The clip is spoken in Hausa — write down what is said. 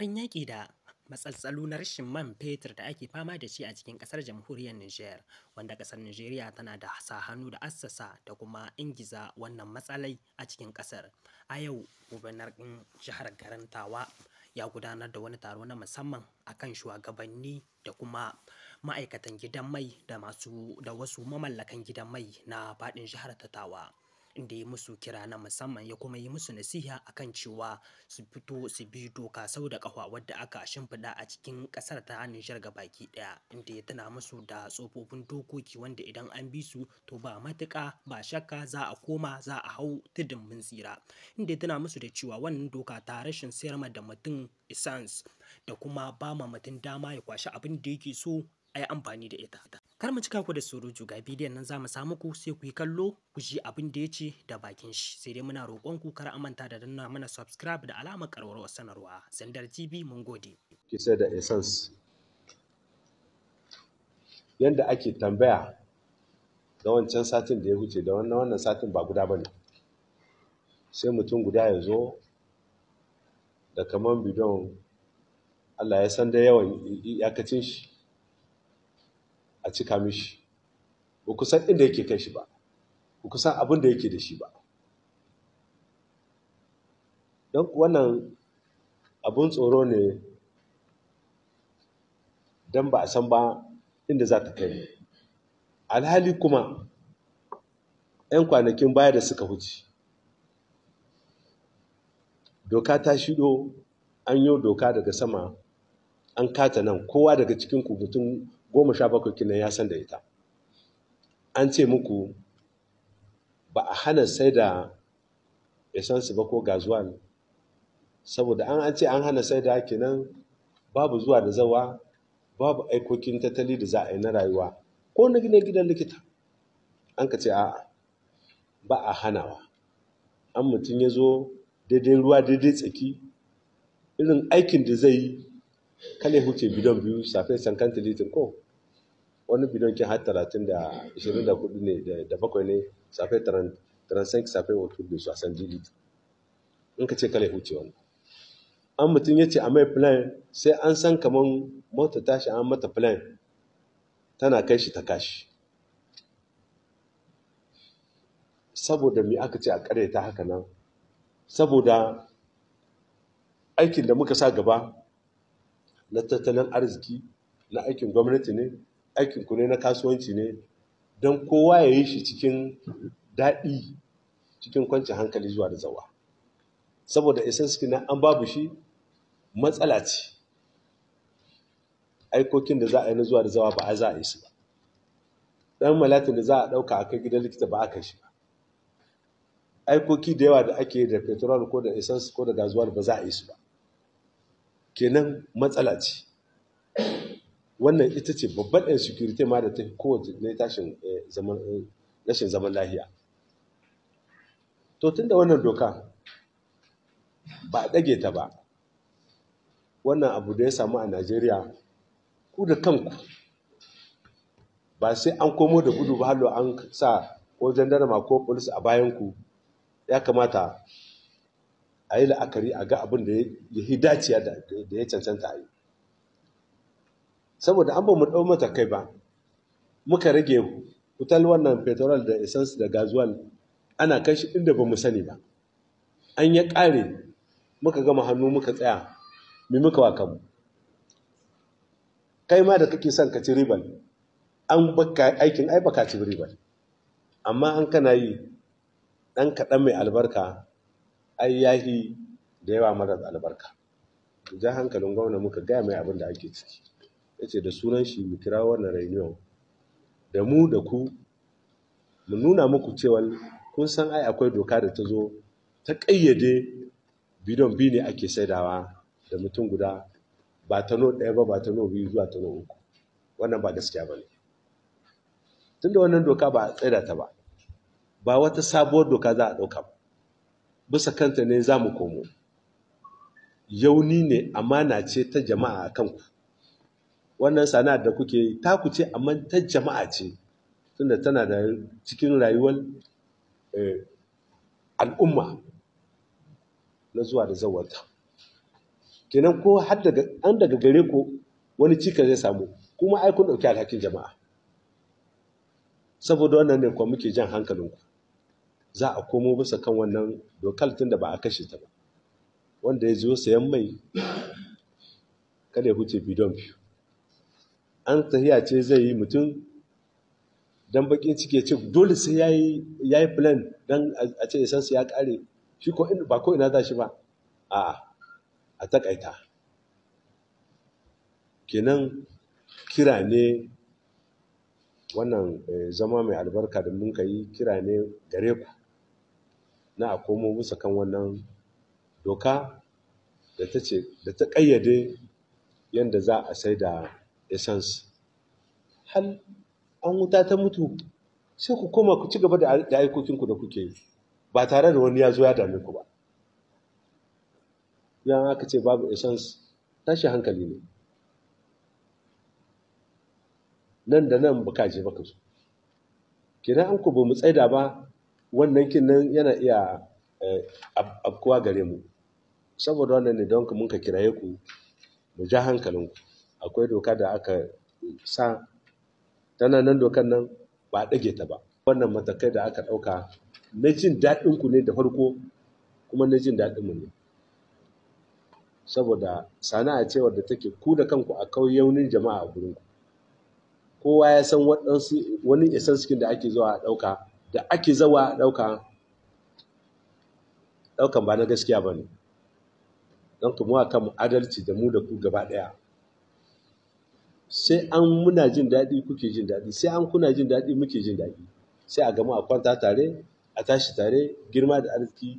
ƙoƙarin yaƙi da matsaltsalu na rashin man fetur da ake fama da shi a cikin ƙasar jamhuriyar Nijar, wanda ƙasar Nijeriya tana da sa hannu da assasa da kuma ingiza wannan matsalai a cikin ƙasar A yau, gubernar jihar Garantawa ya gudanar da wani taro na musamman a kan shugabanni da kuma ma'aikatan gidan mai da da wasu mamallakan gidan mai na faɗin jihar Tatawa. inda ya musu kira na musamman ya kuma yi musu nasiha akan cewa su fito su bi doka sau da kafa wadda aka shimfiɗa a cikin ƙasar ta Nijar baki ɗaya inda ya tana musu da tsofaffin dokoki wanda idan an bi su to ba matuƙa ba shakka za a koma za a hau tudun mun tsira inda ya tana musu da cewa wannan doka ta rashin sayar da mutum essence da kuma ba ma mutum dama ya kwashi abin da yake so a yi amfani da ita. Kar mu cika ku da surutu ga bidiyon nan za mu samu ku sai ku yi kallo ku ji abin da ya ce da bakin shi. Sai dai muna roƙon ku kar a manta da danna mana subscribe da alamar karwarwar sanarwa. Sandar TV mun gode. Kisa da essence. Yanda ake tambaya da wancan satin da ya wuce da wannan wannan satin ba guda bane. Sai mutum guda ya zo da kaman bidon Allah ya san da yawan iyakacin shi a cika mishi ba ku san inda yake kai shi ba ba ku san abin da yake da shi ba don wannan abin tsoro ne don ba a san ba inda za ta kai alhali kuma 'yan kwanakin baya da suka wuce doka ta shido an yi doka daga sama an kata nan kowa daga cikin kubutun goma sha bakwai kinan ya san da ita an ce muku ba a hana sai da esansu ba ko ne saboda an an ce an hana sai da kinan babu zuwa da zawa babu aikokin tattali da za a yi na rayuwa ko na gina gidan likita an ka ce a ba a hanawa an mutum ya zo daidai ruwa daidai tsaki irin aikin da zai yi kale huce bidon biyu safe sankan litin ko wani biliyon ke har talatin da ishirin da kuɗi ne da bakwai ne safe taransan safe wato da su a san jili in ka ce kala ya huce wani an mutum ya ce a mai plan sai an san kamar mota tashi an mata plan tana kai shi ta kashi saboda me aka ce a ta haka nan saboda aikin da muka sa gaba na tattalin arziki na aikin gwamnati ne aikin ne na kasuwanci ne don kowa ya yi shi cikin daɗi cikin kwanci hankali zuwa da zawa saboda suke na an babu shi matsala ce aikokin da za a yi na zuwa da zawa ba a za a yi su ba ɗan malatin da za a ɗauka a kai gidan likita ba a kai shi ba aikoki da yawa da ake da petrol ko da essence ko da gazuwar ba za a yi su ba kenan matsala ce wannan ita ce babban insecurity ma da ta fi kowace ne tashin eh, eh, rashin zaman lahiya to tun da wannan doka ba a ɗage ta ba wannan abu da ya samu a najeriya ku da kanku ba sai an komo da gudu ba hallo an sa ko jandarma ko polis a bayanku ya kamata a yi la'akari a ga abin da ya dace da ya cancanta a yi saboda an ba mu ɗau kai ba muka rage wutar wannan petrol da essence da gazuwal ana kai shi inda ba mu sani ba an ya ƙare muka gama hannu muka tsaya mai muka waka mu kai ma da kake son ka ci ribal an baka aikin ai baka ci ribal amma an kana yi ɗan kaɗan mai albarka ai yahi da yawa marar albarka ja hankalin gwamna muka gaya mai abin da ake ciki ya ce da sunan shi mu kira wannan reunion da mu da ku mu nuna muku cewa kun san ai akwai doka da ta zo ta ƙayyade bidon biyu ne ake saidawa da mutum guda ba ta no ɗaya ba ba no biyu zuwa ta no uku wannan ba gaskiya ba ne tunda wannan doka ba a tsaida ta ba ba wata sabuwar doka za a ɗauka ba bisa kanta ne za mu komo yauni ne amana ce ta jama'a a kanku wannan sana'ar da kuke yi ta ku ce amma ta jama'a ce tunda tana da cikin rayuwar eh, al'umma na zuwa da zawarta kenan ko har daga an daga gare ku wani cika zai samu kuma ai kun dauki alhakin jama'a saboda wannan ne kuma muke jan hankalin ku za a komo bisa kan wannan dokar tunda ba a kashe ta ba wanda ya zo sayan mai kada ya huce bidon biyu an tahiya ce zai yi mutum dan bakin ciki ce dole sai ya yi plan dan a ce san ya kare shi ko ba ko ina za shi ba a a takaita kenan kira ne wannan eh, zama mai albarka da mun yi kira ne gare ku na a komo musa kan wannan doka da ta ce da ta ƙayyade yadda za a sai da essence hal an wuta ta mutu sai ku koma ku ci gaba da aikokinku da kuke yi ba tare da wani ya zo ya dame ku ba yan aka ce babu essence tashi hankali ne nan da nan baka je baka zo kina an ku ba mu tsaida ba wannan kin nan yana iya eh, abkuwa gare mu saboda wannan ne don mun ka kiraye ku mu ja hankalinku akwai doka da aka sa tana nan dokan nan ba ɗage ta ba wannan matakai da aka ɗauka na jin daɗin ku ne da farko kuma na jin daɗin mu ne saboda sana'a ce wadda take ku da kanku a kauyaunin jama'a a gurin ku kowa ya san waɗansu wani isan cikin da ake zuwa a da ake zawa a ɗauka ɗaukan ba na gaskiya ba ne don kuma kan adalci da mu da ku gaba ɗaya sai an muna jin daɗi kuke jin daɗi sai an kuna jin daɗi muke jin daɗi sai a gama a kwanta tare a tashi tare girma da arziki